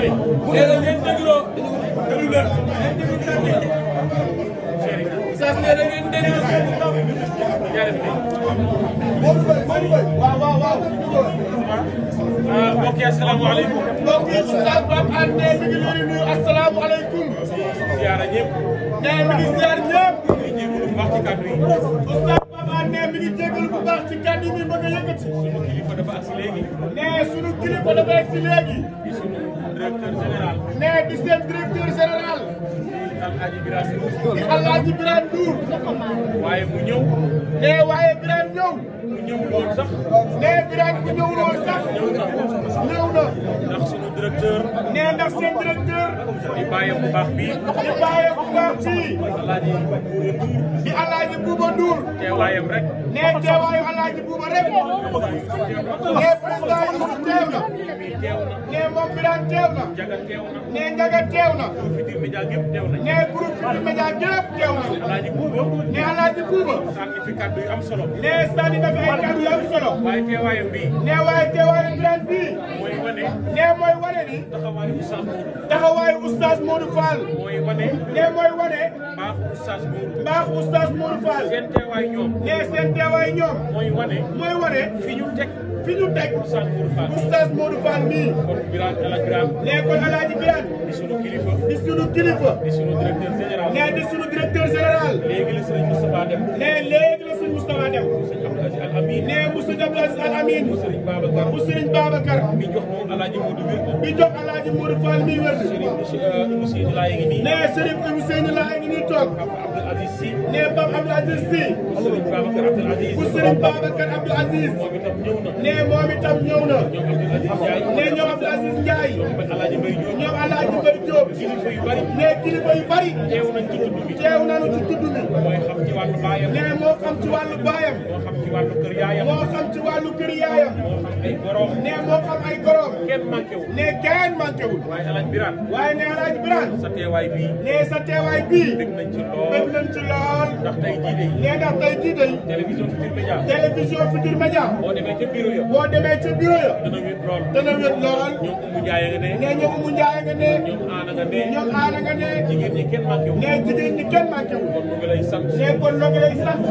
dimbali nee na ngeen dégloo déglu leen Oustaz nee na ngeen déglu seeni ndaw waaw waaw waaw mbokk yi asalaamaaleykum mbokk yi Oustaz Pape Anne mi ngi leen di nuyu asalaamaaleykum ziara ñëpp nee mi ngi ziar ñëpp mi ngi jégalu bu baax ci kàddu yi Oustaz Pape Anne mi ngi jégalu bu baax ci kàddu yi mi bëgg a yëkkati sunu kilifa dafa agsi léegi nee sunu kilifa dafa agsi léegi directeur général. nee seen directeur général. di Alaaji Birane Ndour. waaye mu ñëw. nee waaye Birane ñëw. mu ñëw lool sax. nee Birane bu directeur. nee ndax seen directeur. di bàyyi bu baax bi di bàyyi bu baax bi. alaaji di alaaji Buuba Nduur. teewaayam rek. nee teewaayu alaaji Buuba rek. nee président Youssou teew na. nee moom bi daan teew na. nee Njaga teew na. nee groupe Futurs Médias gépp teew na. nee alaaji Buuba. sànni fi kàddu yu am solo. nee sànni dafa ay kàddu yu am solo. waaye teewaayam bi. nee waaye teewaayam bi ren bi. wane. nee mooy wane ni. nee mooy wane. mbaax oustaz nee di sunu kilifa. général. nee di sunu directeur général. sëñ Moustapha Dem nee mu sëñ Abdou Aziz Al Amin mu sëriñ Babacar bi jox Alaaji Modou wér bi jox Alaaji Modou Fall mi wér euh, nee sëriñ Ousseynou Laye ngi nii toog nee Pape Abdou Aziz Sy bu sëriñ Babacar Abdou Aziz nee moom itam ñëw na nee ñoom Abdou Aziz Ndiaye ñoom Alaaji Mbaye Diop nee kilifa yu bari teew nañu ci tudd bi nee moo xam ci wàllu baayam. moo xam ci wàllu kër yaayam. moo xam ci wàllu kër yaayam. moo xam ay goroom. ne moo xam ay goroom. kenn manqué wul. ne kenn manqué wul. waaye alaaj biraan. waaye ne alaaj biraan. sa teewaay bii. ne sa teewaay bii. bëgg nañ ci lool bëgg nañ ci lool. ndax tey jii day. ne ndax tey jii day. télévision Futurs Médias. télévision Futurs Médias. boo demee ca bureau ya. boo demee ca bureau ya. dana wét lool. dana wét lool. ñoom Oumou Ndiaye nga ne. ne ñoom Oumou Ndiaye nga ne. ñoom Aana nga ne. ñoom Aana nga ne. jigéen ñi kenn manqué wul. ne jigéen ñi kenn manqué wul. kon loo ngi lay sant. ne kon loo ngi lay sant.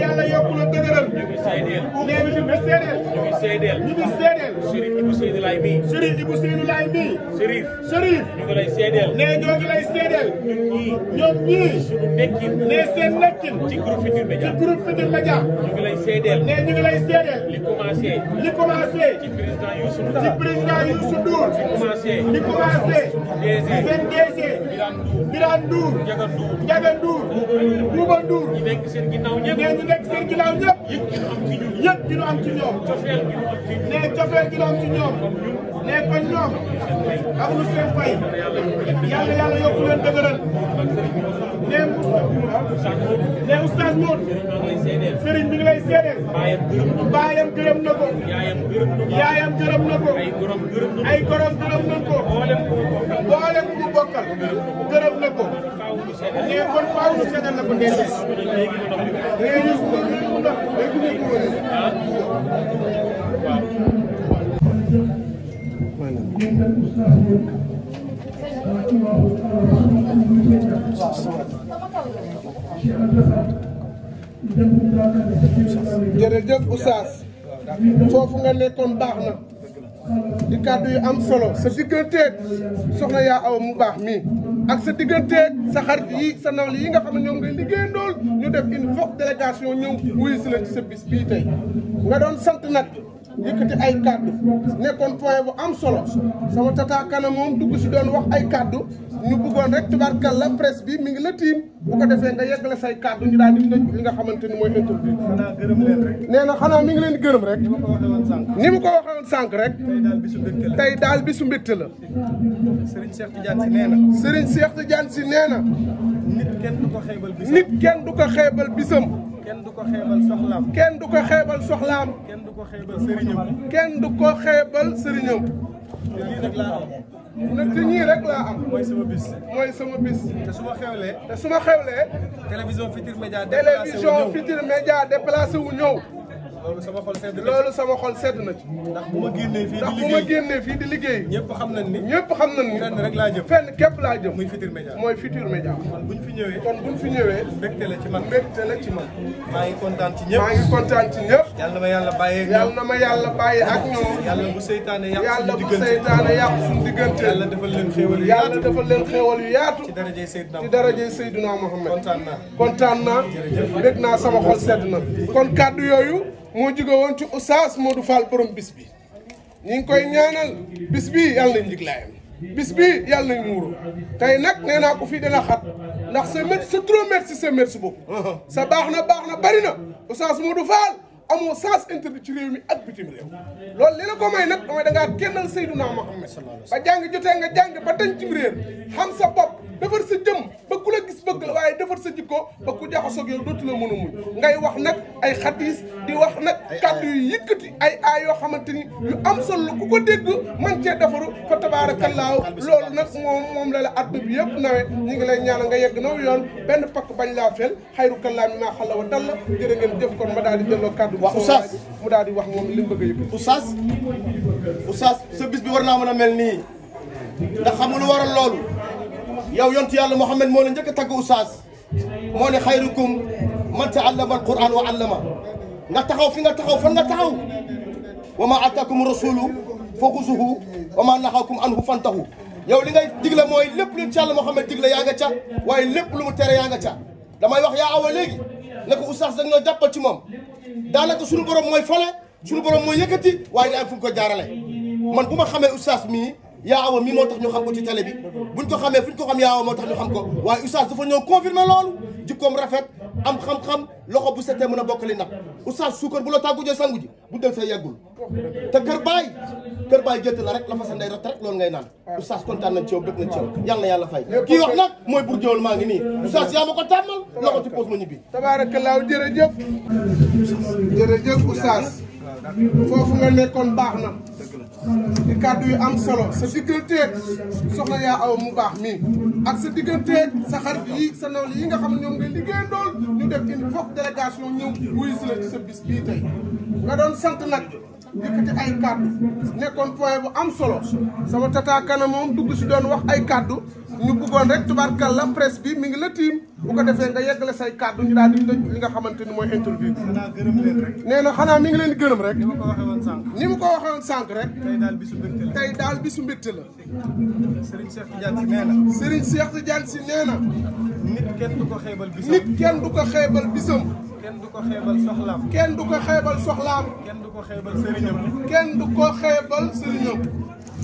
yàlla yokk la dëgëral seedeel. ñu ngi seedeel. ñu ngi seedeel. Chérif Ibou Seydou Laye mii. Chérif Ibou Seydou Laye mii. Chérif. Chérif. ñu ngi lay seedeel. nee ñoo ngi lay seedeel. ñun ñii. ñoom ñii. suñu nekkin. nee seen nekkin. ci groupe Futurs Médias. ci groupe Futurs Médias. ñu ngi lay seedeel. nee ñu ngi lay seedeel. li commencé. li commencé. ci président Youssou Ndour. ci président Youssou Ndour. li commencé. li commencé. DG. seen DG. Birane Ndour. Birane Ndour. Ndiaga Ndour. Ndiaga Ndour. Bouba Ndour. ñu nekk seen ginnaaw ñëpp. nee ñu nekk seen ginnaaw ñëpp. yëpp ñu am ci ñun. yëpp ñu am ci ñun. ñoom ne cofeel gi doon ci ñoom ne kon ñoom amuñu seen fay yàlla yàlla yokku leen dëgëral ne ne oustaz Modou sëriñ bi ngi lay seedeel baayam gërëm na ko yaayam gërëm na ko ay gorom gërëm na ko boolem gërëm na ko mais kon baax na di kàddu yu am solo sa digganteeg soxna yaa aw mu baax mi ak sa digganteeg sa xarit yi sa nawle yi nga xam ne ñoom ngay liggéeyandool ñu def une forte délégation ñëw wuyu si la ci sa bis bii tey nga doon sant nag yëkkati ay kàddu nekkoon point bu am solo sama tata kanam moom dugg si doon wax ay kaddu ñu bëggoon rek tubaarkal la presse bi mi ngi la tiim bu ko defee nga yeggale say kàddu ñu daal di ndëj li nga xamante ni mooy interview nee na xanaa mi ngi leen di gërëm rek ni mu ko waxee woon sànq rek tey daal bisu mbégte la Serigne Cheikh Tidiane si nee na Serigne Cheikh Tidiane si nee na nit kenn du ko xeebal bisam nit kenn du ko xeebal bisam kenn du ko xeebal soxlaam. kenn du ko xeebal soxlaam. kenn du ko xeebal sëriñam. kenn du ko xeebal sëriñam. te lii nag laa am. nag te ñii rek laa am. mooy sama bis. mooy sama bis. te su ma xewlee. te su ma xewlee. télévision Futurs Médias déplacé wu ñëw télévision Futurs Médias wu ñëw. loolu sama xol sedd na loolu na ci. ndax bu ma génnee fii di liggéey ndax ñëpp xam na ni ñëpp xam nañ ni. fenn rek laa jëm fenn képp laa jëm. muy Futurs Médias mooy Futurs Médias. kon buñ fi fi ñëwee. mbégte la la ci man. maa ngi kontaan ci ñëpp maa ngi kontaan ci ñëpp. yàlla na ma yàlla bàyyee ak ñoom yàlla na ma yàlla bàyyee ak ñoom. yàlla bu seytaane yàq suñu diggante yàlla defal leen xéewal yu yaatu yàlla leen xéewal yaatu. ci darajay Seydina am darajay Seydina Mohamed kontaan naa kontaan naa. naa sama xol sedd na kon kàddu yooyu moo jóge woon ci Oustaz Modou Fall borom bis bi ñu ngi koy ñaanal bis bi yàlla nañ jiglaayam bis bi yàlla na muuru tey nag nee naa ko fii a xat ndax sa mét sa trop merci sa merci beaucoup uh-huh. sa baax na baax na bari na Oustaz Modou Fall amoo sens interdit ci réew mi ak bitim réew loolu li la ko may nag mooy da ngaa kennal Seydina xam sa bopp defar sa jëm ba ku la gis a di wax nag kàddu yu yëkkati yoo xamante ni yu am solo la ku ko dégg man nag moom moom la la àdduna bi yëpp nawet ñu ngi lay ñaanal nga yegg naw yoon benn pakk bañ laa fel xayru kallaami maa xalla wa dalla jërë ngeen jëf kon ma daal di delloo kàddu waaw oustaz mu daal di wax moom li mu bëgg a yëg oustaz bi war naa mën a mel nii ndax xam nga lu waral loolu yow yontu yàlla Muhammad moo la njëkk a tagg oustaz moo ne xayrukum man taallama alquran wa ma nga taxaw fi nga taxaw fan nga taxaw wa ma atakum rasulu fa xusuhu wa ma naxakum anhu fantahu yow li ngay digla mooy lépp lu ci yàlla Muhammad digle yaa nga ca waaye lépp lu mu tere yaa nga ca damay wax ne ko oustaz da nga ñoo jàppal ci moom daanaka suñu borom mooy fole suñu borom mooy yëkkati waaye na am fu ñu ko jaarale man bu ma xamee oustaz mii yaa awa mii moo tax ñu xam ko ci télé bi buñ ko xamee fu ñu ko xam yaa awa moo tax ñu xam ko waaye oustaz dafa ñëw confirmer loolu jikkoom rafet am xam-xam loxo bu setee mën a bokkali nag oustaz suukar bu la tàggujee sangu ji bu del sa yeggul te kër baay kër baay jëtt la rek la fa sa ndey rot rek loolu ngay naan ah. oustaz kontaan nañ ci yow bëgg nañ ci yow ah. yàlla fay kii wax nag mooy bur jëwal maa ngi nii oustaz yaa ma ko tàmmal loxo ci pause ma ñibbi tabaarakallaahu jërëjëf jërëjëf oustaz foofu nga nekkoon baax na di kàddu yu am solo sa digganteeg soxna yaa aw mu baax mi ak sa digganteeg sa xarit yi sa nawle yi nga xam ne ñoom ngay liggéey ndool ñu def une forte délégation ñëw wuyu si sa bis nga doon sant nag njëkkati ay nekkoon point bu am solo sama tata kana moom dugg si doon wax ay kàddu ñu bëggoon rek tubaarkàlla presse bi mi ngi la tiim bu ko defee nga yeggale say kaddu ñu daal di li nga xamante ni mooy interview bi. nee na xanaa mi ngi leen di gërëm rek. ni ma ko waxee woon sànq. ni ma ko waxee woon sànq rek. tey daal bisu mbégte la tey daal bisu mbégte la. Serigne Cheikh Tidiane si nee si nee na. nit kenn du ko xeebal bisam nit kenn ko xeebal bisam. kenn du ko xeebal soxlaam. kenn du ko xeebal soxlaam. kenn du ko xeebal sëriñam. kenn du ko xeebal sëriñam.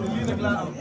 lii rek laa am.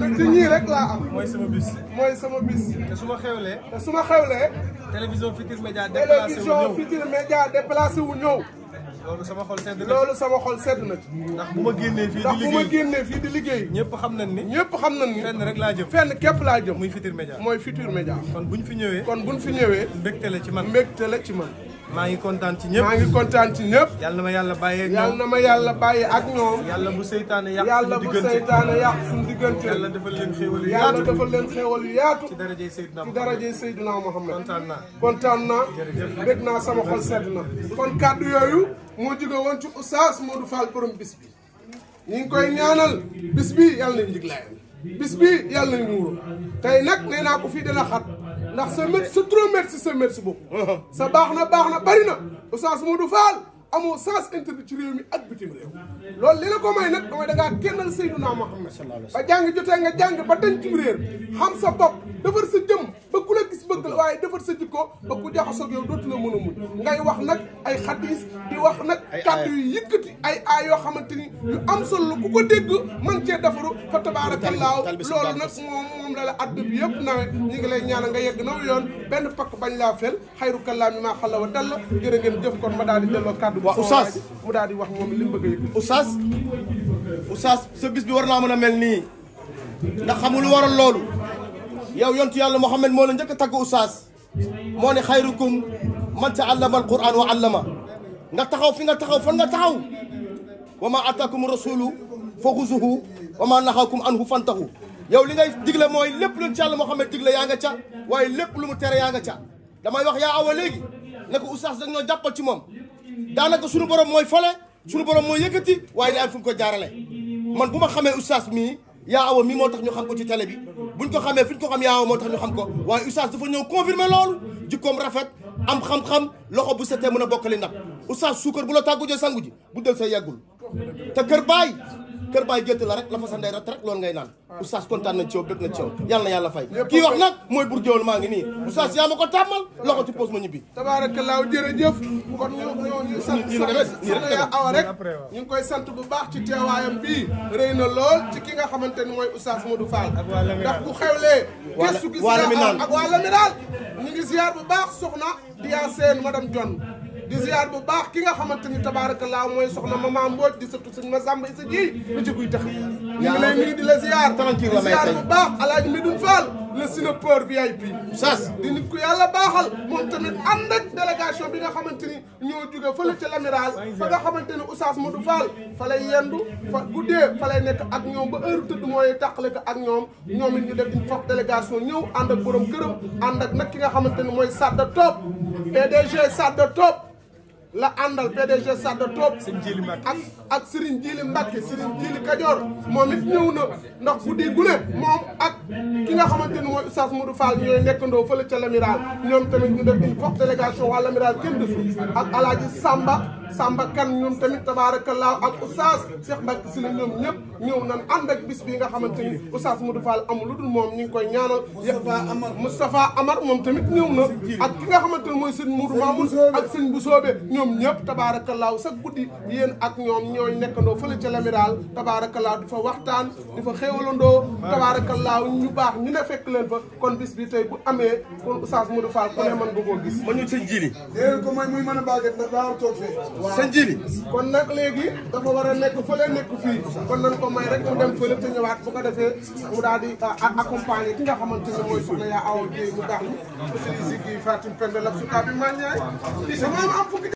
nag ci ñii rek laa am. mooy sama bis. mooy sama bis. te su ma xewlee. te su ma xewlee. télévision Futurs Médias déplacé wu ñëw télévision Futurs Médias déplacé wu ñëw. loolu sama xol sedd na loolu sama xol sedd na ci. ndax bu ma génnee fii di liggéey ndax bu ma génnee fii di liggéey. ñëpp xam nañ ni. ñëpp xam nañ ni fenn rek laa jëm. fenn képp laa jëm. muy Futurs Médias. mooy Futurs Médias. kon buñ fi ñëwee. kon buñ fi ñëwee. mbégte la ci man mbégte la ci man. maa ngi kontaan ci ñëpp maa ngi kontaan ci ñëpp. yàlla na ma yàlla bàyyee yàlla na ma yàlla bàyyee ak ñoom. yàlla bu seytaane yàq yàlla bu seytaane yàq suñu diggante. yàlla defal leen xéewal yu yaatu yàlla defal leen xéewal yu yaatu. ci darajee Seydina Mohamed ci darajee Seydina Mohamed. kontaan naa kontaan naa. jërëjëf bég naa sama xol sedd na. kon kàddu yooyu moo jóge woon ci Oustaz Modou Fall borom bis bi. ñu ngi koy ñaanal bis bi yàlla nañu diglaayal bis bi yàlla nañu muuru tey nag nee naa ko fii dana xat ndax sa merci sa trop merci sa merci beaucoup uh-huh. sa baax na baax na bari na Oustaz Modou Fall amoo sens interdit ci réew mi ak bitim réew loolu li la ko may nag damay dangaa kennal Seydunaa Muhammad ba jàng jotee nga jàng ba dañ ci réer xam sa bopp defar sa jëm ba ku la bëgg la waaye defar sa jikko ba ku jaxasoog yow dootu la mën a muñ wax nag ay xadis di wax ay yoo xamante ni yu am solo ku ko dégg man cee defaru fa tabaarakallaahu loolu yëpp nawe ñi ngi lay ñaanal nga yegg naw yoon benn pakk bañ laa fel xayru kallaami maa xalla wa ngeen jëf kon ma daal di delloo kàddu bi oustaz mu wax a yëg oustaz bi war naa mën a mel nii ndax xamul a loolu yow yontu yàlla Muhammad moo la njëkk a tagg oustaz moo ne xayrukum man taallama alquran wa allama nga taxaw fi nga taxaw fan nga taxaw wa ma atakum rasulu fa xuzuhu wa ma naxakum anhu fantahu yow li ngay digle mooy lépp lu ci yàlla Muhammad digle yaa nga ca waaye lépp lu mu tere yaa nga ca damay wax yaa awa léegi ne ko oustaz dañoo jàppal ci moom daanaka suñu borom mooy fole sunu borom mooy yëkkati waaye day am fu ko jaarale man bu ma xamee oustaz mii yaa awa mii moo tax ñu xam ko ci télé bi bu buñ ko xamee fi ñu ko xam yaaw moo tax ñu xam ko waaye oustaz dafa ñëw confirmer loolu jikkoom rafet am xam-xam loxo bu setee mën a bokkali nag oustaz suukar bu la tàggujee sangu ji bu del sa yàggul te kër baay kër baay gétt la rek la sa ndey rat rek loolu ngay naan ah. oustaz kontaan na ci yow na ci yàlla yàlla fay kii wax nag mooy bur géwél maa ngi nii oustaz yaa ma ko tàmmal loxo ci poos ma ñibbi tabaarakallaa jërëjëf kon ñu koy sant bu baax ci teewaayam bii rëy na lool ci ki nga xamante ni mooy oustaz Modou Fall ndax bu xewlee gëstu gis ak waa Laminaan ñu ngi ziar bu baax soxna Dia Sène madame John di ziar bu baax ki nga xamante ni tabaarakallaa mooy soxna mama mboot di sëtu sëñ ma sàmba isa ji lu ci guy tax ñu ngi lay nuyu di la ziar di ziar bu baax alaaji Medoune Fall le sinopeur VIP di nit ku yàlla baaxal moom tamit ànd ak délégation bi nga xamante ni ñoo jóge fële ca l'amiral fa nga xamante ni Oustaz Modou Fall fa lay yendu fa guddee fa lay nekk ak ñoom ba heure tëdd mooy tàqale ko ak ñoom ñoom it ñu def une forte délégation ñëw ànd ak borom këram ànd ak nag ki nga la àndal PDG Sada Top ak ak Serigne Djili Mbacke Serigne Djili Kajoor moom it ñëw na ndax guddi gu ne moom ak ki nga xamante ni mooy Oustaz Modou Fall ñooy nekkandoo fële ca l'amiral ñoom tamit ñu def une forte délégation waa l'amiral kenn desul ak Alaaji Samba Samba Kane ñoom tamit tabaarakallaahu ak oustaz Cheikh Mbacke si la ñoom ñëpp ñëw nan ànd ak bis bi nga xamante ni oustaz Modou Fall amul lu dul moom ñu ngi koy ñaanal Moustapha Amar moom tamit ñëw na ak ki nga xamante ni mooy sëñ Modou Mamoun ak sëñ Bousoobe ñoom ñëpp tabaarakallaahu sa guddi yéen ak ñoom ñooy nekkandoo fële ca Lamiral tabaarakallaahu di fa waxtaan di fa xéewalandoo tabaarakallaahu ñu baax ñu ne fekk leen fa kon bis bi tey bu amee kon oustaz Modou Fall ku ne man bëggoo gis ma ñu sa jili ko mooy muy mën a bàgget ndax daa toog fee sëñ Jili kon nag léegi dafa war a nekk fële nekk fii kon nañ ko may rek mu dem fële te ñëwaat bu ko defee mu daal di ah, ah, accompagner ki nga xamante ne mooy soxna yaa aw bi mu dax li sëñ Ziggy Fatim Penda la su kaa bi maa ñaay am fukki